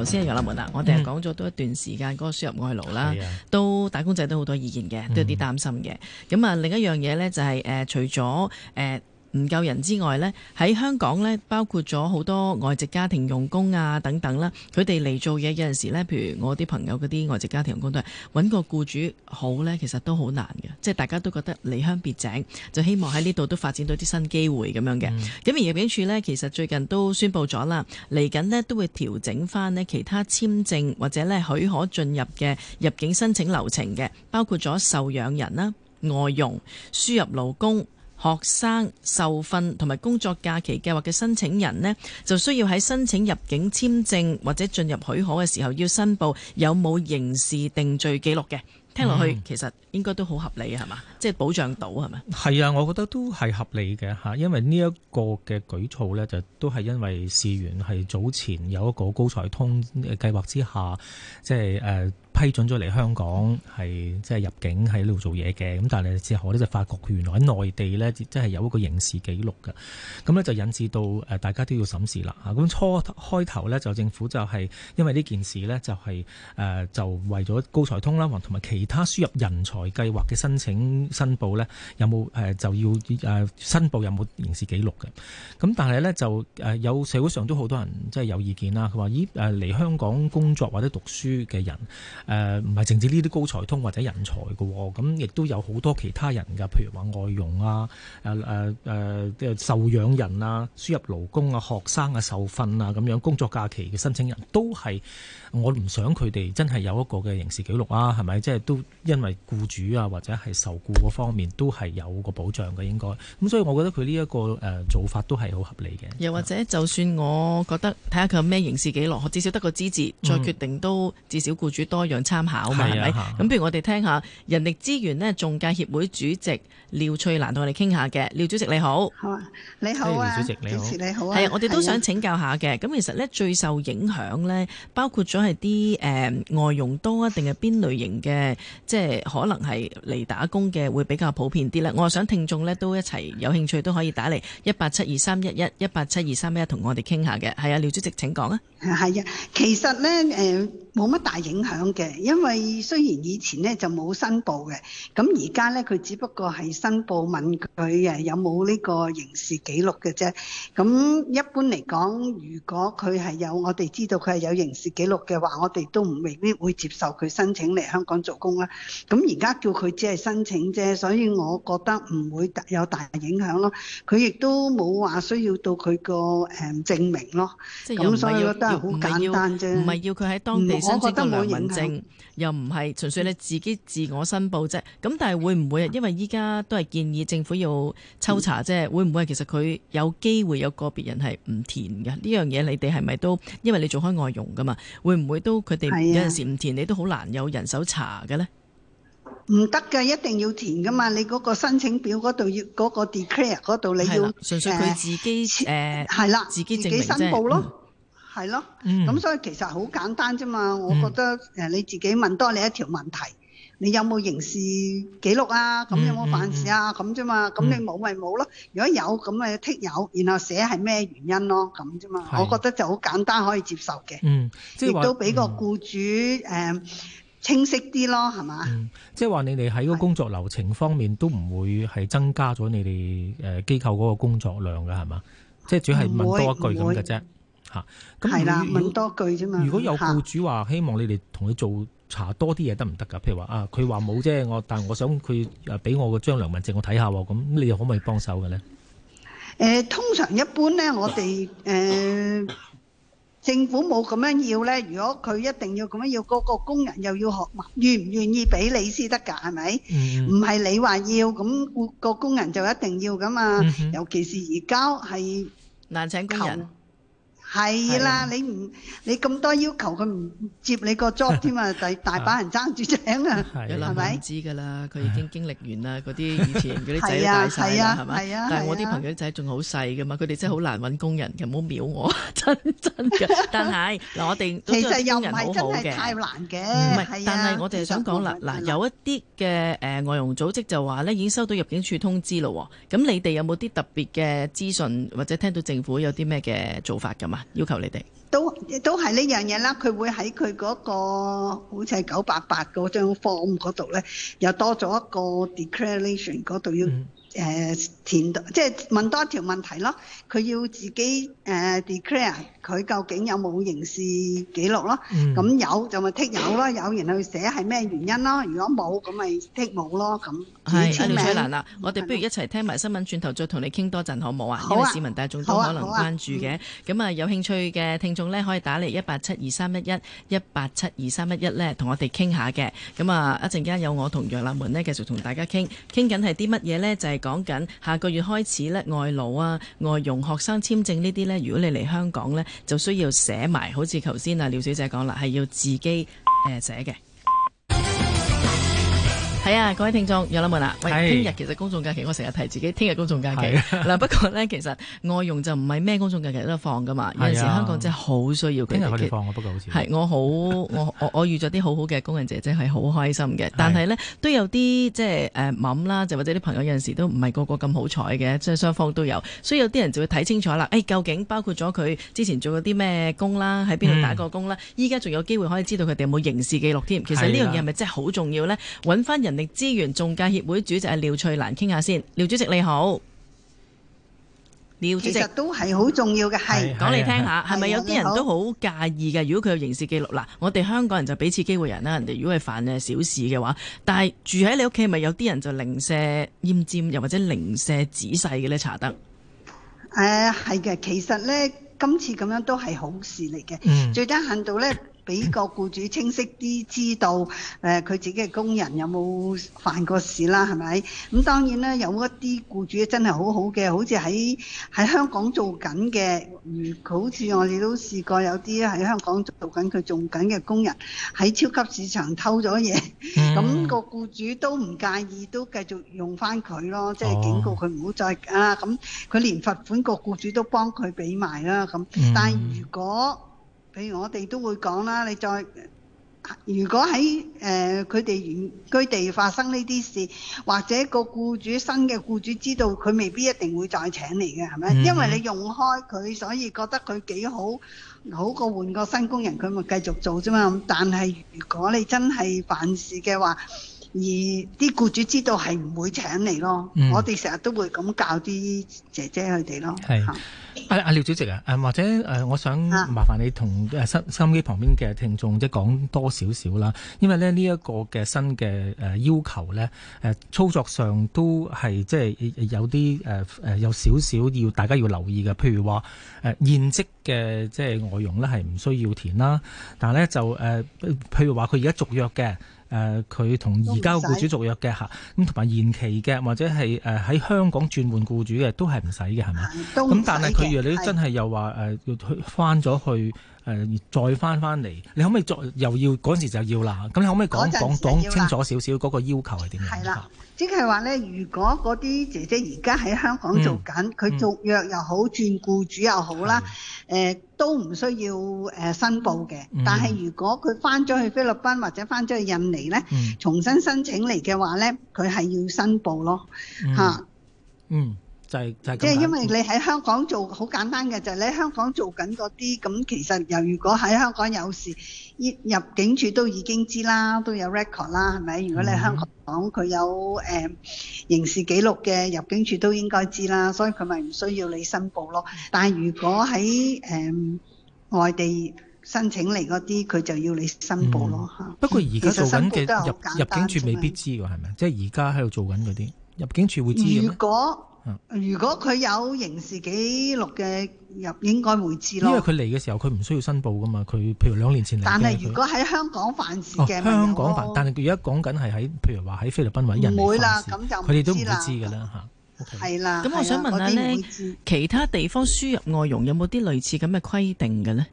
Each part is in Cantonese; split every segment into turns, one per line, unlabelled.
頭先楊立文啦我哋係講咗多一段時間嗰個輸入外勞啦，都打工仔都好多意見嘅，都有啲擔心嘅。咁啊，另一樣嘢咧就係、呃呃、除咗唔夠人之外呢，喺香港呢，包括咗好多外籍家庭傭工啊等等啦，佢哋嚟做嘢有陣時呢，譬如我啲朋友嗰啲外籍家庭傭工都係揾個僱主好呢，其實都好難嘅，即係大家都覺得離鄉別井，就希望喺呢度都發展到啲新機會咁樣嘅。咁、嗯、而入境處呢，其實最近都宣布咗啦，嚟緊呢都會調整返呢其他簽證或者呢許可進入嘅入境申請流程嘅，包括咗受養人啦、外傭、輸入勞工。學生受訓同埋工作假期計劃嘅申請人呢，就需要喺申請入境簽證或者進入許可嘅時候要申報有冇刑事定罪記錄嘅。聽落去、嗯、其實應該都好合理係嘛？即係、就是、保障到係咪？
係啊，我覺得都係合理嘅吓，因為呢一個嘅舉措呢，就都係因為事源係早前有一個高才通計劃之下，即係誒、呃批准咗嚟香港，係、嗯、即係入境喺呢度做嘢嘅，咁但係之後呢就發覺，原來喺內地呢即係有一個刑事記錄嘅，咁呢就引致到誒、呃、大家都要審視啦。咁初開頭呢就政府就係因為呢件事呢就係、是、誒、呃、就為咗高才通啦，同埋其他輸入人才計劃嘅申請申報呢有冇誒、呃、就要誒、呃、申報有冇刑事記錄嘅，咁但係呢，就誒、呃、有社會上都好多人即係有意見啦，佢話咦誒嚟、呃、香港工作或者讀書嘅人。誒唔係淨止呢啲高才通或者人才嘅、哦，咁亦都有好多其他人㗎，譬如話外傭啊、誒誒誒受養人啊、輸入勞工啊、學生啊、受訓啊咁樣工作假期嘅申請人都係我唔想佢哋真係有一個嘅刑事記錄啊，係咪？即係都因為僱主啊或者係受僱嗰方面都係有個保障嘅應該。咁所以我覺得佢呢一個誒做法都係好合理嘅。
又或者就算我覺得睇下佢有咩刑事記錄，至少得個資質，再決定，都至少僱主多。嗯樣參考嘛係咪？咁、啊、譬如我哋聽下人力資源咧，仲介協會主席廖翠蘭同我哋傾下嘅。廖主席你好，你好啊，廖主席你好，你
好啊。係、hey, 啊，我哋都想請
教下嘅。咁、啊、其實咧，最受影響咧，包括咗係啲誒外傭多啊，定係邊類型嘅，即係可能係嚟打工嘅，會比較普遍啲咧？我想聽眾咧都一齊有興趣都可以打嚟一八七二三一一一八七二三一一同我哋傾下嘅。係啊，廖主席請講啊。係啊，
其實咧誒冇乜大影響。因為雖然以前咧就冇申報嘅，咁而家咧佢只不過係申報問佢誒有冇呢個刑事記錄嘅啫。咁一般嚟講，如果佢係有我哋知道佢係有刑事記錄嘅話，我哋都唔未必會接受佢申請嚟香港做工啦。咁而家叫佢只係申請啫，所以我覺得唔會有大影響咯。佢亦都冇話需要到佢個誒證明咯。咁所以我覺得好簡單啫，唔係
要佢喺當地申請個良民證。我覺得冇影響。又唔係純粹你自己自我申報啫，咁但係會唔會因為依家都係建議政府要抽查啫、嗯，會唔會其實佢有機會有個別人係唔填嘅呢樣嘢？這個，你哋係咪都因為你做開外傭噶嘛？會唔會都佢哋有陣時唔填，你都好難有人手查嘅呢？
唔得噶，一定要填噶嘛！你嗰個申請表嗰度要嗰個 declare 嗰度你要純粹佢自己誒，係、啊、啦、呃，自己申報咯。嗯係咯，咁所以其實好簡單啫嘛。我覺得誒，你自己問多你一條問題，你有冇刑事記錄啊？咁有冇犯事啊？咁啫嘛。咁你冇咪冇咯。如果有咁咪剔有，然後寫係咩原因咯？咁啫嘛。我覺得就好簡單可以接受嘅。
嗯，即係都俾
個雇主誒清晰啲咯，係嘛？
即係話你哋喺個工作流程方面都唔會係增加咗你哋誒機構嗰個工作量噶，係嘛？即係只係問多一句咁嘅啫。吓，咁係喇，問多句啫嘛？如果有雇主話希望你哋同佢做查多啲嘢得唔得噶？譬如話啊，佢話冇啫，我但係我想佢誒俾我個張良民證我睇下喎，咁你又可唔可以幫手嘅咧？誒、
呃，通常一般咧，我哋誒政府冇咁樣要咧。如果佢一定要咁樣要，嗰、那個工人又要學，願唔願意俾你先得噶？係咪？唔、嗯、係你話要，咁、那個工人就一定要噶嘛、嗯嗯。尤其是而家係難請工人。係啦、啊啊，你唔你咁多要求佢唔接你個 job 添啊！大把人爭住搶啊，係咪、啊？是
啊、是唔知㗎啦，佢已經經歷完啦。嗰啲以前嗰啲仔都大曬啦，係咪？但係我啲朋友仔仲好細㗎嘛，佢哋真係好難搵工人嘅。唔好秒我，真真㗎。但係嗱，我 哋其實又唔係真係太難嘅。
唔、嗯、係、啊，但係我哋想
講啦，嗱，有一啲嘅外傭組織就話咧，已經收到入境處通知喎。咁你哋有冇啲特別嘅資訊，或者聽到政府有啲咩嘅做法㗎嘛？要求你哋
都都係呢樣嘢啦，佢會喺佢嗰個好似係九八八嗰張 form 嗰度咧，又多咗一個 declaration 嗰度要。嗯誒、呃、填即係問多一條問題咯，佢要自己誒 declare 佢究竟有冇刑事記錄咯，咁有就咪剔有咯，有人去寫係咩原因咯，如果冇咁咪剔冇咯，咁簽名。阿廖翠蘭啊，
我哋不如一齊聽埋新聞，轉頭再同你傾多陣好唔好啊？好啊！因為市民大眾都可能關注嘅，咁啊，啊、嗯、有興趣嘅聽眾咧，可以打嚟一八七二三一一一八七二三一一咧，同我哋傾下嘅。咁啊一陣間有我同楊立門咧，繼續同大家傾，傾緊係啲乜嘢咧？就係、是。講緊下個月開始咧，外勞啊、外佣、學生簽證呢啲咧，如果你嚟香港咧，就需要寫埋，好似頭先啊廖小姐講啦，係要自己呃寫嘅。呃寫啊、各位聽眾有諗冇啦？喂，聽日其實公眾假期我成日提自己，聽日公眾假期嗱、啊。不過咧，其實外傭就唔係咩公眾假期都得放噶嘛。啊、有陣時候香港真係好需要的。聽日可放係我，我，我， 我，我，我遇好我我我咗啲好好嘅工人姐姐係好開心嘅，但係呢、啊，都有啲即係誒啦，就、呃、或者啲朋友有陣時都唔係個個咁好彩嘅，即係雙方都有，所以有啲人就會睇清楚啦、哎。究竟包括咗佢之前做過啲咩工啦，喺邊度打過工啦？依家仲有機會可以知道佢哋有冇刑事記錄添？其實呢樣嘢係咪真係好重要呢？揾翻人。資源仲介協會主席係廖翠蘭，傾下先。廖主席你好，廖主席其實
都係好重要嘅，係講嚟聽下，係咪有啲人都
好介意嘅？如果佢有刑事記錄，嗱，我哋香港人就俾次機會人啦。人哋如果係犯誒小事嘅話，但係住喺你屋企，咪有啲人就零舍厭尖，又或者零舍仔細嘅咧查得。
誒、係、呃、嘅，其實咧今次咁樣都係好事嚟嘅，嗯，最低限度咧。俾個僱主清晰啲知道，誒、呃、佢自己嘅工人有冇犯過事啦？係咪？咁、嗯、當然啦，有一啲僱主真係好好嘅，好似喺喺香港做緊嘅，如好似我哋都試過有啲喺香港做緊佢做緊嘅工人喺超級市場偷咗嘢，咁、嗯 嗯嗰個僱主都唔介意，都繼續用翻佢咯，即係警告佢唔好再、哦、啊咁，佢、嗯、連罰款個僱主都幫佢俾埋啦咁。但如果，我哋都會講啦，你再如果喺誒佢哋原居地發生呢啲事，或者個僱主新嘅僱主知道佢未必一定會再請你嘅，係咪？嗯、嗯，因為你用開佢，所以覺得佢幾好，好過換個新工人，佢咪繼續做啫嘛。但係如果你真係犯事嘅話，而啲僱主知道係唔會請你咯，嗯、我哋成日都會咁教啲姐姐佢哋咯。
係，阿阿廖主席啊，或者、呃、我想麻煩你同誒收收音機旁邊嘅聽眾即係講多少少啦，因為咧呢一、呢個嘅新嘅要求咧，操作上都係即係有啲有少少要大家要留意嘅、呃，譬如話誒現職嘅即係外傭咧係唔需要填啦，但係咧就誒譬如話佢而家續約嘅。誒佢同而家雇主續約嘅嚇，咁同埋延期嘅或者係誒喺香港轉換雇主嘅都係唔使嘅係咪？咁、嗯、但係佢如果真係又話誒要去翻咗去誒再翻翻嚟，你可唔可以再又要嗰陣時就要啦？咁你可唔可以講講講清楚少少嗰個要求係點
樣？即係話咧，如果嗰啲姐姐而家喺香港做緊，佢、嗯嗯、續約又好，轉僱主又好啦，誒、呃、都唔需要誒申報嘅、嗯。但係如果佢翻咗去菲律賓或者翻咗去印尼咧、嗯，重新申請嚟嘅話咧，佢係要申報咯嚇。嗯。啊嗯嗯。
就係即係，因
為你喺香港做好簡單嘅就係你喺香港做緊嗰啲咁，其實由如果喺香港有事，入境處都已經知啦，都有 record 啦，係咪？如果你喺香港佢有誒刑事記錄嘅，入境處都應該知啦，所以佢咪唔需要你申報咯。但係如果喺誒、嗯、外地申請嚟嗰啲，佢就要你申報咯嚇、嗯。
不過而家做緊嘅入的入，入境處未必知㗎，係咪？即係而家喺度做緊嗰啲入境處會知嘅咩？如
果如果佢有刑事紀錄嘅入，應該會知咯。因為佢
嚟嘅時候，佢唔需要申報噶嘛。佢譬如兩年前嚟，但係如果喺
香港犯事嘅，哦，香港犯，但係
佢而家講緊係喺譬如話喺菲律賓或者唔會啦，咁就唔知啦。
係啦。咁、OK、我想問咧、啊，
其
他地方輸入外傭有冇啲類似咁嘅規定嘅呢？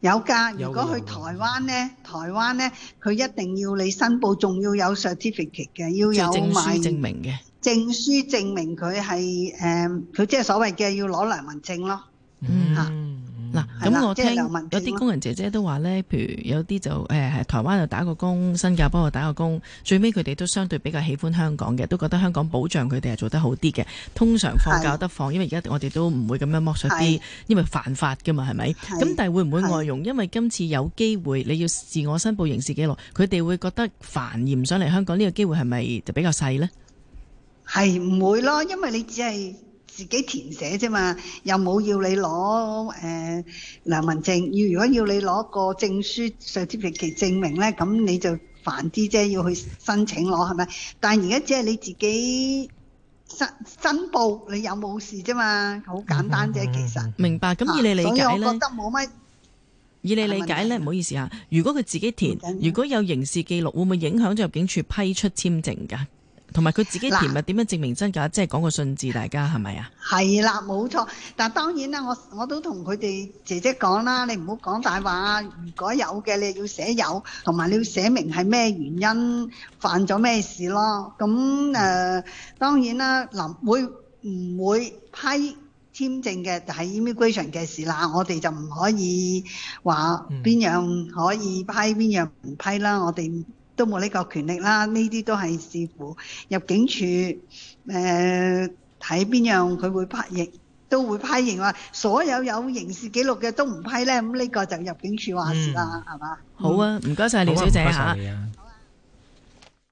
有噶。如果去
台灣咧，台灣咧，佢一定要你申報，仲要有 certificate 嘅，要有文書證明嘅。證書證明佢係誒，佢即係所謂嘅要攞良民證咯。嗯，
嗱、啊、咁，嗯、那我聽、就是、有啲工人姐姐都話咧，譬如有啲就誒係台灣又打過工，新加坡又打過工，最尾佢哋都相對比較喜歡香港嘅，都覺得香港保障佢哋係做得好啲嘅。通常放假得放，因為而家我哋都唔會咁樣剝削啲，因為犯法㗎嘛，係咪咁？但係會唔會外傭？因為今次有機會你要自我申報刑事記錄，佢哋會覺得煩而唔想嚟香港呢，這個機會係咪就比較細呢？
係唔會咯，因為你只係自己填寫啫嘛，又冇要你攞誒良民證。要如果要你攞個證書、上天期期證明咧，咁你就煩啲啫，要去申請攞係咪？但係而家只係你自己申申報，你有冇事啫嘛？好簡單啫，其實。
明白。咁以你理解、啊、以我覺得
冇乜。
以你理解咧，唔好意思啊。如果佢自己填，如果有刑事記錄，會唔會影響入境處批出簽證噶？同埋佢自己填，咪點樣證明真假？啊、即係講個信字，大家係咪啊？
係啦，冇錯。但當然啦，我我都同佢哋姐姐講啦，你唔好講大話。如果有嘅，你要寫有，同埋你要寫明係咩原因犯咗咩事咯。咁誒、呃，當然啦，嗱會唔會批簽證嘅就係 Immigration 嘅事啦。我哋就唔可以話邊樣可以批邊、嗯、樣唔批啦。我哋。都冇呢個權力啦，呢啲都係視乎入境處誒睇邊樣佢會批刑，都會批刑話所有有刑事記錄嘅都唔批咧，咁、嗯、呢、這個就入境處話事啦，係、嗯、嘛？好啊，唔該晒，廖、啊、小姐嚇。謝謝。